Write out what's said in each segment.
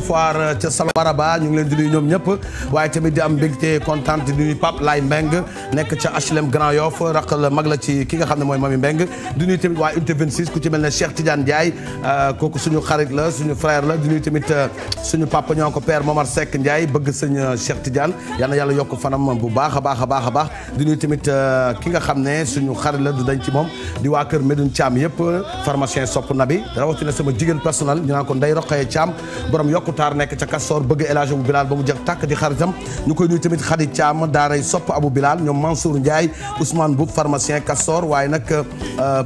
foire euh, ca Salwaraba ñu ngi leen di nuyu ñoom ñëpp waaye tamit di am mbégte kontaan di nuyu Pape Laye Mbengue nekk ca HLM Grand Yoff raq la mag la ci ki nga xam ne mooy Mami Mbengue di nuyu tamit waa unité 26 ku ci mel ne Cheikh Tidiane Ndiaye euh, kooku suñu xarit la suñu frère la di nuyu tamit euh, suñu papa ñoo ko père Momar Seck Ndiaye bëgg sëñ Cheikh Tidiane yal na yàlla yokk fanam bu baax a baax a baax a baax di nuyu tamit ki nga xam ne suñu xarit la du dañ ci moom di waa kër Medoune Thiam yëpp pharmacien sopp na bi rawatina sama jigéen personnel ñu naan ko Ndeye Roqaye Thiam borom Makoutaar nekk ca Kastoor bëgg El Hadj Abou Bilal ba mu jeex tàkk di xaritam ñu koy nuyu tamit Khady Thiam daaray sopp Abou Bilal ñoom Mansour Ndiaye Ousmane Boub pharmacien Kastoor waaye nag euh,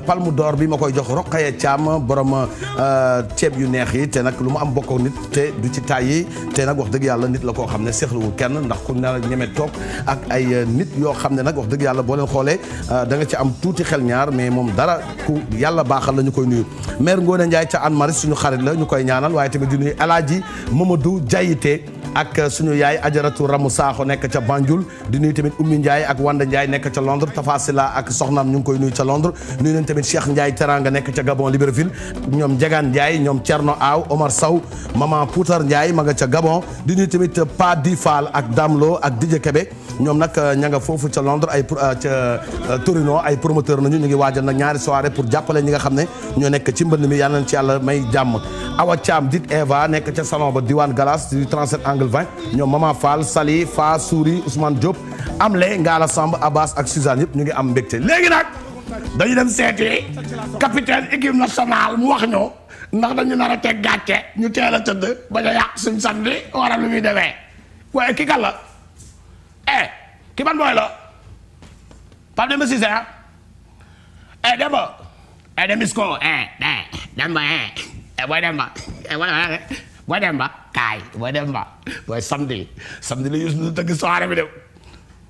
palme d'or bi ma koy jox Roqaya Thiam borom euh, ceeb yu neex yi te nag lu mu am bokk nit te du ci yi te nag wax dëgg yàlla nit la koo xam ne seexluwul kenn ndax ku nar a ñeme toog ak ay euh, nit yoo xam ne nag wax dëgg yàlla boo leen xoolee danga ci am tuuti xel ñaar mais moom dara ku yàlla baaxal la ñu koy nuyu maire Mamadou Diayité ak suñu yaay ajaratu ramu saaxo nekk ca Banjul di nuyu tamit Oumy Ndiaye ak Wanda njaay nekk ca Londres Tafa Sila ak soxnaam ñu ngi koy nuyu ca Londres nuyu nañ tamit Cheikh Ndiaye Teranga nekk ca Gabon Libreville ñoom Njegaan Ndiaye ñoom Thierno Aw Omar Sow maman Poutar Ndiaye ma nga ca Gabon di nuyu tamit Pa Di Fall ak Damlo ak Dije Kebe ñoom nag euh, ña nga foofu ca Londres ay euh, ca euh, Torino ay promoteur na ñu ngi waajal nag ñaari soirée pour jàppale ñi nga xam ne ñoo nekk ci mbënd mi yàlla nañ ci yàlla may jàmm Awa Thiam dit Eva nekk ca salon ba diwaan Galas du angle 20 ñoom Mama Fall Sali Fa Souri Ousmane Diop Amle Ngala Samb Abbas ak Suzanne yëpp ñu ngi am mbégte léegi nag dañu dem seeti capitaine équipe nationale mu wax ñoo ndax dañu nar a ñu teel a tëdd ba a yàq suñ samedi waral lu muy demee waaye ki kan la eh ki ban booy la Pape Demba Cissé ah eh Demba eh Dembisko eh eh Demba eh eh booy Demba eh boo dem ba kaay boo dem ba booy samedi samedi la Youssou Ndour tëgg soirée bi de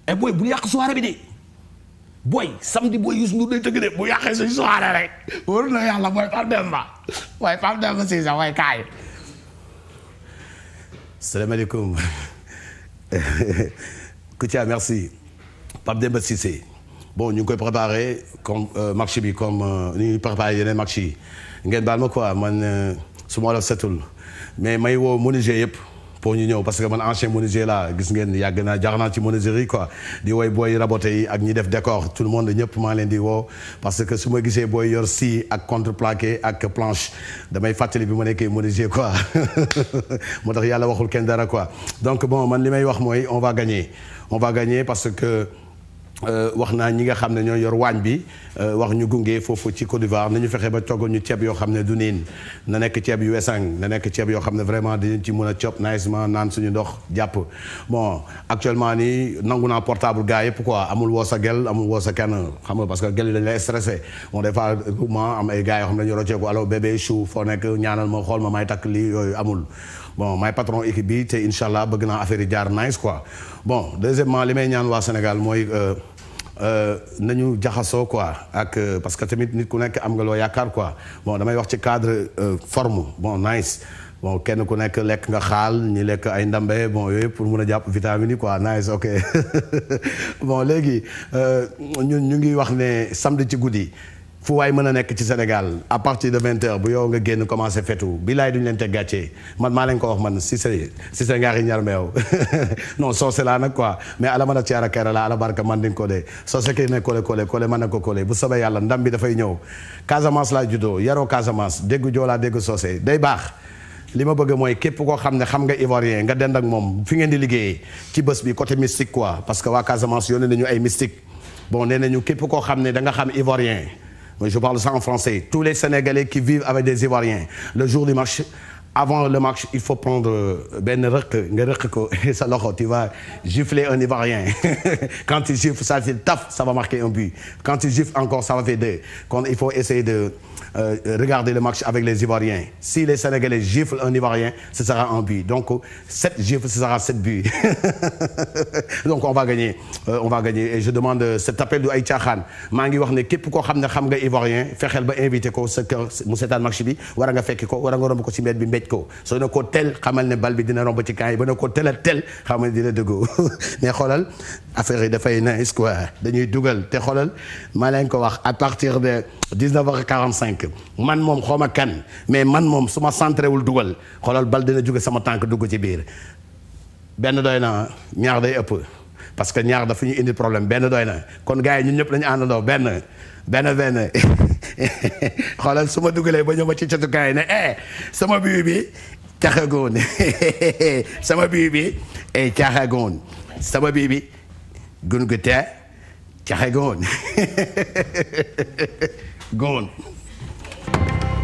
eh booy bu yàq soirée bi de booy samedi booy Youssou Ndour day tëgg de bu yàqee suñu soirée rek wóor na yàlla booy Pape Demba booy Pape Demba si sa booy kaay. salaamaaleykum Koutia merci Pape Demba Cissé bon ñu ngi koy préparé comme euh, marché bi comme euh, ni ñuy préparé yeneen marché yi ngeen baal ma quoi man. Euh, su ma la setul mais may woo menuisier yëpp pour ñu ñëw parce que man ancien menuisier la gis ngeen yàgg naa jaar naa ci menuiserie quoi di woy booy rabote yi ak ñi def décor tout le monde ñëpp maa leen di woo parce que su ma gisee booy yor scie ak contreplaqué ak planche damay fàttali bi ma nekkee menuisier quoi moo tax yàlla waxul kenn dara quoi donc bon man li may wax mooy on va gagner on va gagner parce que Euh, wax naa ñi nga xam ne ñoo yor waañ bi euh, wax ñu gunge foofu ci Côte d'Ivoire nañu fexe ba toggal ñu ceeb yoo xam ne du niin na nekk ceeb yu wesang na nekk ceeb yoo xam ne vraiment dinañ ci mën a cop nicement naan suñu ndox jàpp bon actuellement nii nangu naa portable gars yëpp quoi amul woo sa gel amul woo sa kenn xam nga parce que gel yi dañ lay stressé bon des ma am ay gars yoo xam ne dañu rocceeku alors bébé chou foo nekk ñaanal ma xool ma may takk lii yooyu amul bon may patron équipe bi te incha allah bëgg naa affaire yi jaar nice quoi bon li may ñaan waa Sénégal mooy euh, Euh, nañu jaxasoo quoi ak euh, parce que tamit nit ku nekk am nga loo yaakaar quoi bon damay wax ci cadre euh, forme bon nice bon kenn ku nekk lekk nga xaal ñi lekk ay ndambe bon yooyu pour mun a jàpp vitamine yi quoi nice ok bon léegi ñun ñu ngi wax ne samd ci guddi. fu waay mën a nekk ci Sénégal à partir de vingt heures bu yow nga génn commencé fetu bilaay duñu leen teg gàccee man maa leen ko wax man si sa si sa ngaari ñar meew non soose laa nag quoi mais ala mën a ci ara kayra la ala barka man din ko dee soose ki ne kole kole kole man na ko kole bu soobee yàlla ndam bi dafay ñëw Casamance laa juddoo yaroo Casamance dégg joolaa dégg soose day baax li ma bëgg mooy képp koo xam ne xam nga Ivoirien nga dend ak moom fi ngeen di liggéeyee ci bés bi côté mystique quoi parce que waa Casamance yónnee nañu ay mystique bon nee nañu képp koo xam ne da nga xam Ivoirien je parle ça en français tous les Sénégalais qui vivent avec des Ivoiriens le jour du match avant le match il faut prendre euh, benn rëq nga rëq ko sa loxo tu vas gifler un Ivoirien quand il gifle ça fait taf ça va marquer un but quand il gifle encore ça va faire deux quand il faut essayer de euh, regardez le match avec les Ivoiriens si les Sénégalais giflent un Ivoirien ce sera un but donc sept gifles ce sera sept buts donc on va gagner euh, on va gagner et je demande euh, cet appel ay caaxaan maa ngi wax ne képp koo xam ne xam nga Ivoirien fexeel ba invité ko sa kër mu seetaan match bi war nga fekki ko war nga romb ko si mbedd bi mbéj ko soo na ko tel xamal ne bal bi dina romb ci camp yi ba na ko tel a tel xamal ne dina dëggoo mais xoolal affaire yi dafay nice quoi dañuy dugal te xoolal maa leen ko wax à partir de 19h45 man moom xaw ma kan mais man moom su ma centré wul dugal xoolal bal dina jóge sama tànk dugg ci biir benn doy na ñaax day ëpp parce que ñaar dafa ñu indi problème benn doy na kon gaa yi ñun ñëpp lañu àndandoo benn benn benn xoolal su ma dugalee ba ñëw ma ci catukaay ne eh, sama bii bi caaxagoon sama bii bi eh caaxagoon sama bii bi gun gu tee caxe goon goon